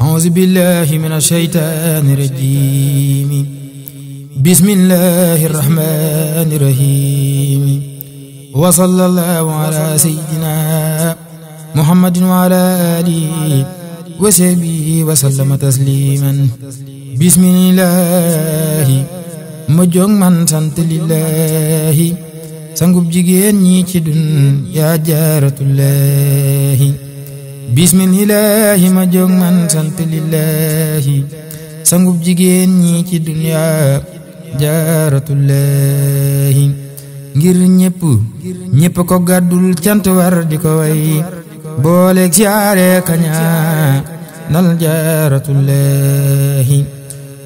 أعوذ بالله من الشيطان الرجيم بسم الله الرحمن الرحيم وصلى الله على سيدنا محمد وعلى آله وصحبه وسلم تسليما بسم الله ma jóg man sant lillahi sangub jigéen ñi ci dun yaa jaaratullahi bismillaahi ma jóg man sant lillaahi sangub jigéen ñi ci duniyaa jaaratullaahi ngir ñépp ñépp ko gàddul cant war di ko way booleeg siyaare kañaa nal jaaratullaahi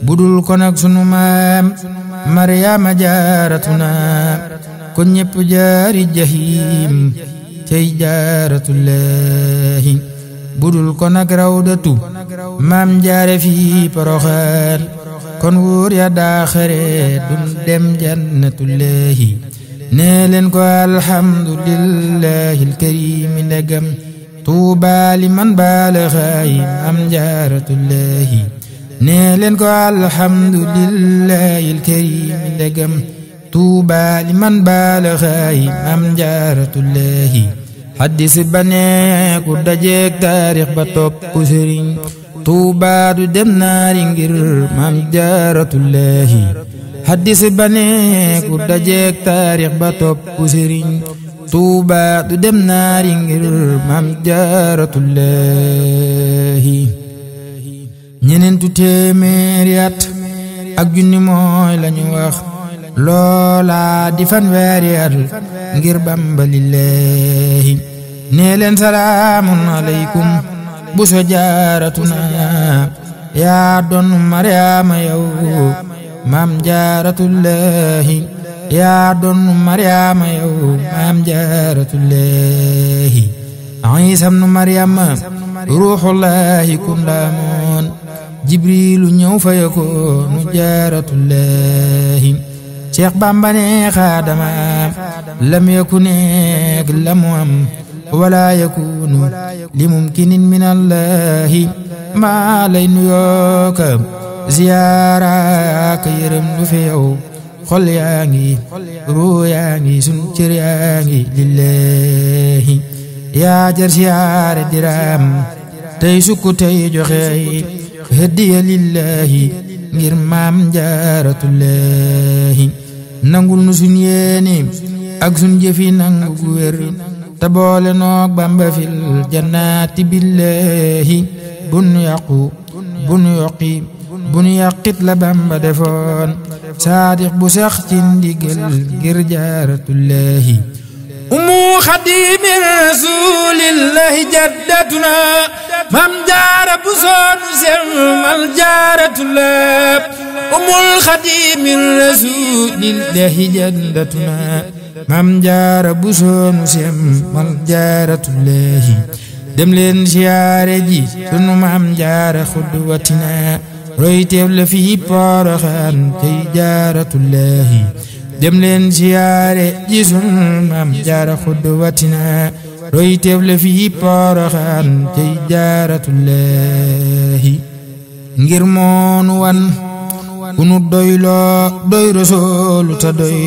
budul ko nag sunu maam maryaama jaaratuna ko ñépp jaari cey jaaratullaahi budul ko nag rawdatu maam jaare fi poroxaan kon wóor ya daaxare dun dem jannatullaahi nee leen ko alhamdulillahi alkarimi ndegam tuubaali man baalaxaayi maam jaaratullaahi nee leen ko alhamdulillahi alkarimi ndegam tuuba li man baalaxaayi maam jaaratullaahi xaddisi ba ne ku dajeeg taarix ba topp sëriñ tuuba du dem naari ngir maam jaaratullaahi xaddisi ba ne ku taarix ba topp sëriñ tuuba du dem naari ngir maam jaaratullaahi ñeneen tu téeméeri at junni mooy lañu wax loola di fanweeri at ngir Bamba lillahi nee bu so jaaratuna yaa doon Mariama yow maam jaaratullahi yaa doon Mariama yow maam jaaratullahi Iisa ibnu Mariama ruuxullahi kun laamoon jibriilu ñëw fa yakoonu jaaratullahi Cheikh Bamba ne xaadama lam yakuneeg la mu am wala yakunu li mumkinin min allahi maa lay nuyook ziyaaraak yërëm du fi yow xol yaa ngi ruu sun cër yaa lillahi yaa jar siyaare diraam tey sukku tey joxe hëddiya lillahi ngir maam jaaratullahi nangu nu suñ yéeni ak suñ jëfi nangu gu wér te boole noog bamba fil jannaati billaahi bu nu yàqu bu nu yoqi bu la bamba defoon saadix bu sax ci ndigal ngir jaaratullaahi umu xadimi rasulillahi jaddatuna mam jaara bu soonu selmal jaaratula umul xadimi rasulillahi jaddatuna mam jaara bu soonu selmal jaaratullahi dem leen siyaare ji sunu mam jaara xudwatina roy teef la fii poroxaan cay jaaratullahi dem leen ziyaare ji sunu maam jaara xudwatina roy teef la fii Poroxaan jey jaaratullaahi ngir moonu wan ku nu doyloo doy rasoolu ta doy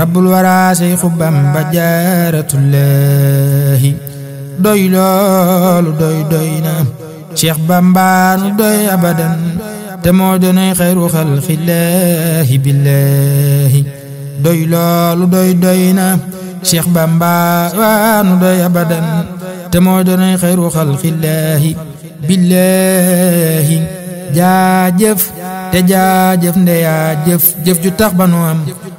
rabbul waraa Seexu Bamba jaaratullaahi doy loolu doy doy na Seex Bamba doy abadan te moo doonay xayru xalqillaahi billaahi doy loolu doy doy na Cheikh Bamba waanu doy abadan te moo doonay xayru xalqillaahi billaahi jaajëf te jaajëf ndeyaa jëf jëf ju tax ba nu am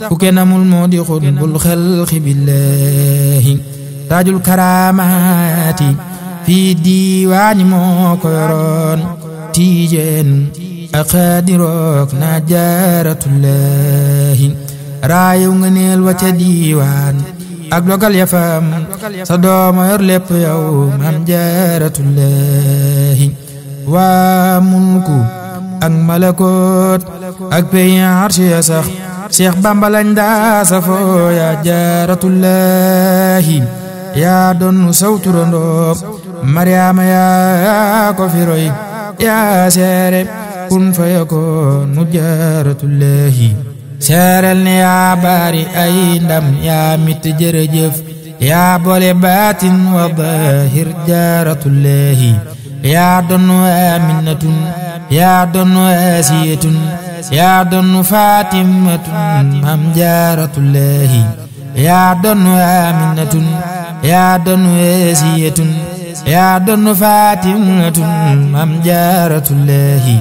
ku kenn amul moo di xutbul xalqi billaahi taajul karaamaati fii moo ko yoroon tiijeen ak xaadirook naa jaaratullaahi raayu neel wa ca diiwaan ak dogal ya faam sa dooma yor lépp yow maam jaaratullahi waa mulku ak malakoot ak peyi arsi ya sax Cheikh Bamba lañ daa safoo yaa jaaratullahi yaa doon sawturandoo Mariama yaa ko fi roy yaa seere kun fayakoon mu jaaratullahi seereel ne yaa baari ay ndam yaa mit jërëjëf yaa boole baatin wa baahir jaaratullaahi yaa donnu aminatun yaa donnu asiyatun yaa donnu fatimatun am jaaratullaahi yaa donnu aminatun yaa donnu asiyatun yaa donnu fatimatun am jaaratullaahi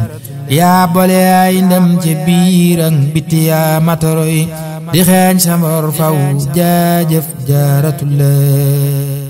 yaa boole ay ndam ci biir ak biti yaa matoroy di xeeñ sa mor faw jaajëf jaaratulla